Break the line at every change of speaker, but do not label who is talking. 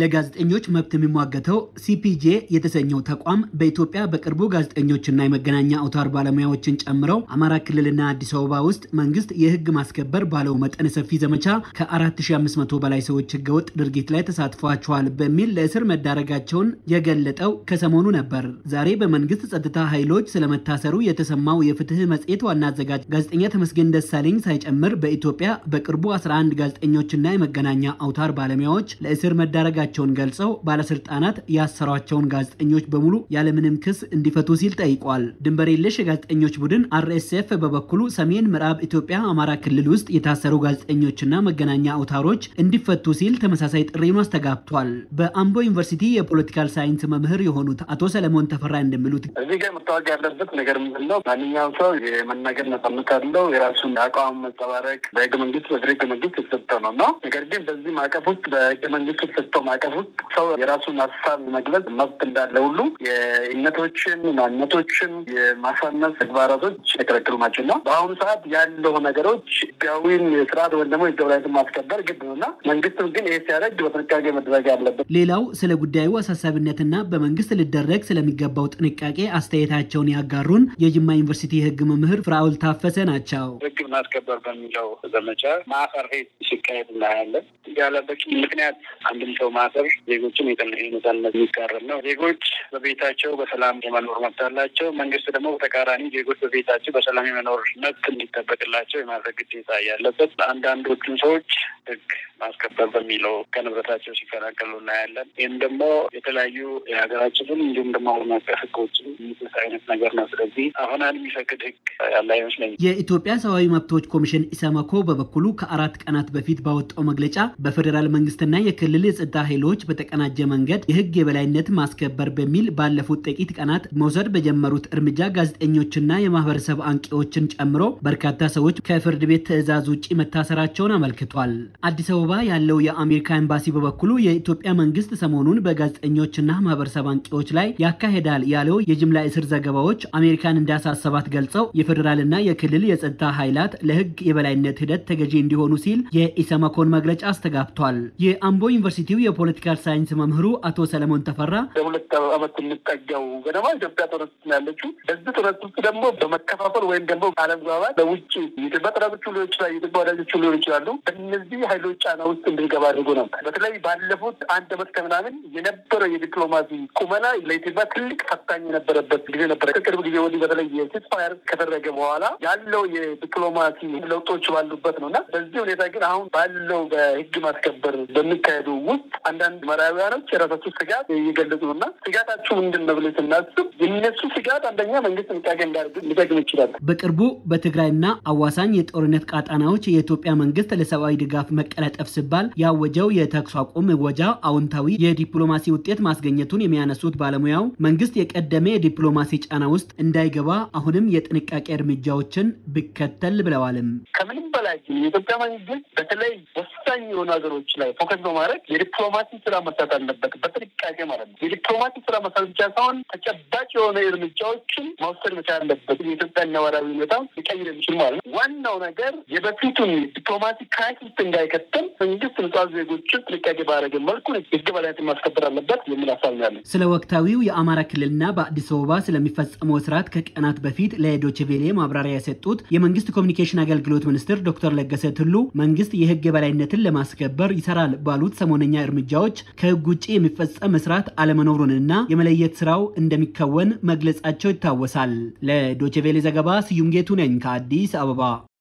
ለጋዜጠኞች መብት የሚሟገተው ሲፒጄ የተሰኘው ተቋም በኢትዮጵያ በቅርቡ ጋዜጠኞችና የመገናኛ አውታር ባለሙያዎችን ጨምረው አማራ ክልልና አዲስ አበባ ውስጥ መንግስት የህግ ማስከበር ባለው መጠነ ሰፊ ዘመቻ ከ4500 በላይ ሰዎች ህገወጥ ድርጊት ላይ ተሳትፏቸዋል በሚል ለእስር መዳረጋቸውን የገለጠው ከሰሞኑ ነበር። ዛሬ በመንግስት ጸጥታ ኃይሎች ስለመታሰሩ የተሰማው የፍትህ መጽሔት ዋና አዘጋጅ ጋዜጠኛ ተመስገን ደሳለኝ ሳይጨምር በኢትዮጵያ በቅርቡ 11 ጋዜጠኞችና የመገናኛ አውታር ባለሙያዎች ለእስር መዳረጋ ማድረጋቸውን ገልጸው ባለስልጣናት ያሰሯቸውን ጋዜጠኞች በሙሉ ያለምንም ክስ እንዲፈቱ ሲል ጠይቋል። ድንበር የለሽ የጋዜጠኞች ቡድን አርኤስኤፍ በበኩሉ ሰሜን ምዕራብ ኢትዮጵያ አማራ ክልል ውስጥ የታሰሩ ጋዜጠኞችና መገናኛ አውታሮች እንዲፈቱ ሲል ተመሳሳይ ጥሪውን አስተጋብቷል። በአምቦ ዩኒቨርሲቲ የፖለቲካል ሳይንስ መምህር የሆኑት አቶ ሰለሞን ተፈራ እንደሚሉት እዚህ ጋር
መታወቅ ያለበት ነገር ምንድን ነው? ማንኛውም ሰው የመናገር ነጻነት አለው። የራሱን አቋም መጸባረቅ በህገ መንግስት በህገ መንግስት የተሰጠ ነው ነገር ግን በዚህ ማዕቀፍ ውስጥ በህገ መንግስት የተሰጠው አቀፍ ውስጥ ሰው የራሱን ሀሳብ መግለጽ መብት እንዳለ ሁሉ የእምነቶችን ማንነቶችን የማሳነስ ተግባራቶች የተከለከሉ ናቸው እና በአሁኑ ሰዓት ያለው ነገሮች ህጋዊን ስርዓት ወይም ደግሞ የገብራዊት ማስከበር ግድ ነው እና መንግስትም ግን ይህ ሲያደርግ በጥንቃቄ መደረግ
አለበት። ሌላው ስለ ጉዳዩ አሳሳቢነትና በመንግስት ሊደረግ ስለሚገባው ጥንቃቄ አስተያየታቸውን ያጋሩን የጅማ ዩኒቨርሲቲ የህግ መምህር ፍራውል ታፈሰ ናቸው።
ህግ ማስከበር በሚለው ዘመቻ ማፈር ሄድ ሲካሄድ እናያለን። ያለ በቂ ምክንያት አንድም ሰው ማሰብ ዜጎችን የጥንሄ ነጻነት የሚቃረን ነው። ዜጎች በቤታቸው በሰላም የመኖር መብት አላቸው። መንግስት ደግሞ በተቃራኒ ዜጎች በቤታቸው በሰላም የመኖር መብት እንዲጠበቅላቸው የማድረግ ግዴታ ያለበት አንዳንዶቹን ሰዎች ህግ ማስከበር በሚለው ከንብረታቸው ሲፈናቀሉ እናያለን። ይህም ደግሞ የተለያዩ የሀገራችንን እንዲሁም ደግሞ አሁን አቀፍ ህጎችን የሚጥስ አይነት ነገር ነው። ስለዚህ አሁን የሚፈቅድ ህግ
ያለ አይመስለኝም። የኢትዮጵያ ሰብአዊ መብቶች ኮሚሽን ኢሰመኮ በበኩሉ ከአራት ቀናት በፊት ባወጣው መግለጫ በፌዴራል መንግስትና የክልል የጸጥታ ኃይሎች በተቀናጀ መንገድ የህግ የበላይነት ማስከበር በሚል ባለፉት ጥቂት ቀናት መውሰድ በጀመሩት እርምጃ ጋዜጠኞችና የማህበረሰብ አንቂዎችን ጨምሮ በርካታ ሰዎች ከፍርድ ቤት ትዕዛዝ ውጭ መታሰራቸውን አመልክቷል። አዲስ አበባ ያለው የአሜሪካ ኤምባሲ በበኩሉ የኢትዮጵያ መንግስት ሰሞኑን በጋዜጠኞችና ማህበረሰብ አንቂዎች ላይ ያካሄዳል ያለው የጅምላ እስር ዘገባዎች አሜሪካን እንዳሳሰባት ገልጸው የፌዴራልና የክልል የጸጥታ ኃይላት ለህግ የበላይነት ሂደት ተገዢ እንዲሆኑ ሲል የኢሰመኮን መግለጫ አስተጋብቷል። የአምቦ ዩኒቨርሲቲው የፖለቲካል ሳይንስ መምህሩ አቶ ሰለሞን ተፈራ ለሁለት
አመት የምጠጋው ገደማ ኢትዮጵያ ጦርነት ያለችው በዚህ ጦርነት ውስጥ ደግሞ በመከፋፈል ወይም ደግሞ አለመግባባት በውጭ በጠላቶቹ ሊሆን ይችላል፣ ወዳጆቹ ሊሆን ይችላሉ እነዚህ ኃይሎች ጫና ውስጥ እንድንገባ አድርጎ ነበር። በተለይ ባለፉት አንድ አመት ከምናምን የነበረው የዲፕሎማሲ ቁመና ለኢትዮጵያ ትልቅ ፈታኝ የነበረበት ጊዜ ነበረ። ከቅርብ ጊዜ ወዲህ በተለይ ሲስፋር ከተደረገ በኋላ ያለው የዲፕሎማሲ ለውጦች ባሉበት ነው እና በዚህ ሁኔታ ግን አሁን ባለው በህግ ማስከበር በሚካሄዱ ውስጥ አንዳንድ መራቢያኖች የራሳቸው ስጋት እየገለጹ ነው እና ስጋታችሁ ምንድን ነው ብለን ስናስብ የነሱ ስጋት አንደኛ
መንግስት ጥንቃቄ እንዳርግ ሊጠቅም ይችላል። በቅርቡ በትግራይና አዋሳኝ የጦርነት ቃጣናዎች የኢትዮጵያ መንግስት ለሰብአዊ ድጋፍ መቀላጠፍ ለማቀፍ ሲባል ያወጀው የተኩስ አቁም ወጃ አዎንታዊ የዲፕሎማሲ ውጤት ማስገኘቱን የሚያነሱት ባለሙያው መንግስት የቀደመ የዲፕሎማሲ ጫና ውስጥ እንዳይገባ አሁንም የጥንቃቄ እርምጃዎችን ብከተል ብለዋልም። ከምንም በላይ
የኢትዮጵያ መንግስት በተለይ ወሳኝ የሆኑ ሀገሮች ላይ ፎከስ በማድረግ የዲፕሎማሲ ስራ መስራት አለበት፣ በጥንቃቄ ማለት ነው። የዲፕሎማሲ ስራ መስራት ብቻ ሳይሆን ተጨባጭ የሆነ እርምጃዎችን መውሰድ መቻል አለበት። የኢትዮጵያ ነባራዊ ሁኔታ ሊቀይር የሚችል ማለት ነው። ዋናው ነገር የበፊቱን ዲፕሎማሲ ክራይሲስ እንዳይከትም መንግስት ንጹሃን ዜጎችን ጥንቃቄ ባደረገ መልኩ ህግ በላይነትን ማስከበር አለበት የሚል ሀሳብ
ያለ ስለ ወቅታዊው የአማራ ክልልና በአዲስ አበባ ስለሚፈጸመው ስርዓት ከቀናት በፊት ለዶይቼ ቬለ ማብራሪያ የሰጡት የመንግስት ኮሚኒኬሽን አገልግሎት ሚኒስትር ዶክተር ለገሰ ቱሉ መንግስት የህግ የበላይነት መብትን ለማስከበር ይሰራል ባሉት ሰሞነኛ እርምጃዎች ከህግ ውጭ የሚፈጸም እስራት አለመኖሩንና የመለየት ስራው እንደሚከወን መግለጻቸው ይታወሳል። ለዶቼ ዘገባ ስዩም ጌቱ ነኝ ከአዲስ አበባ።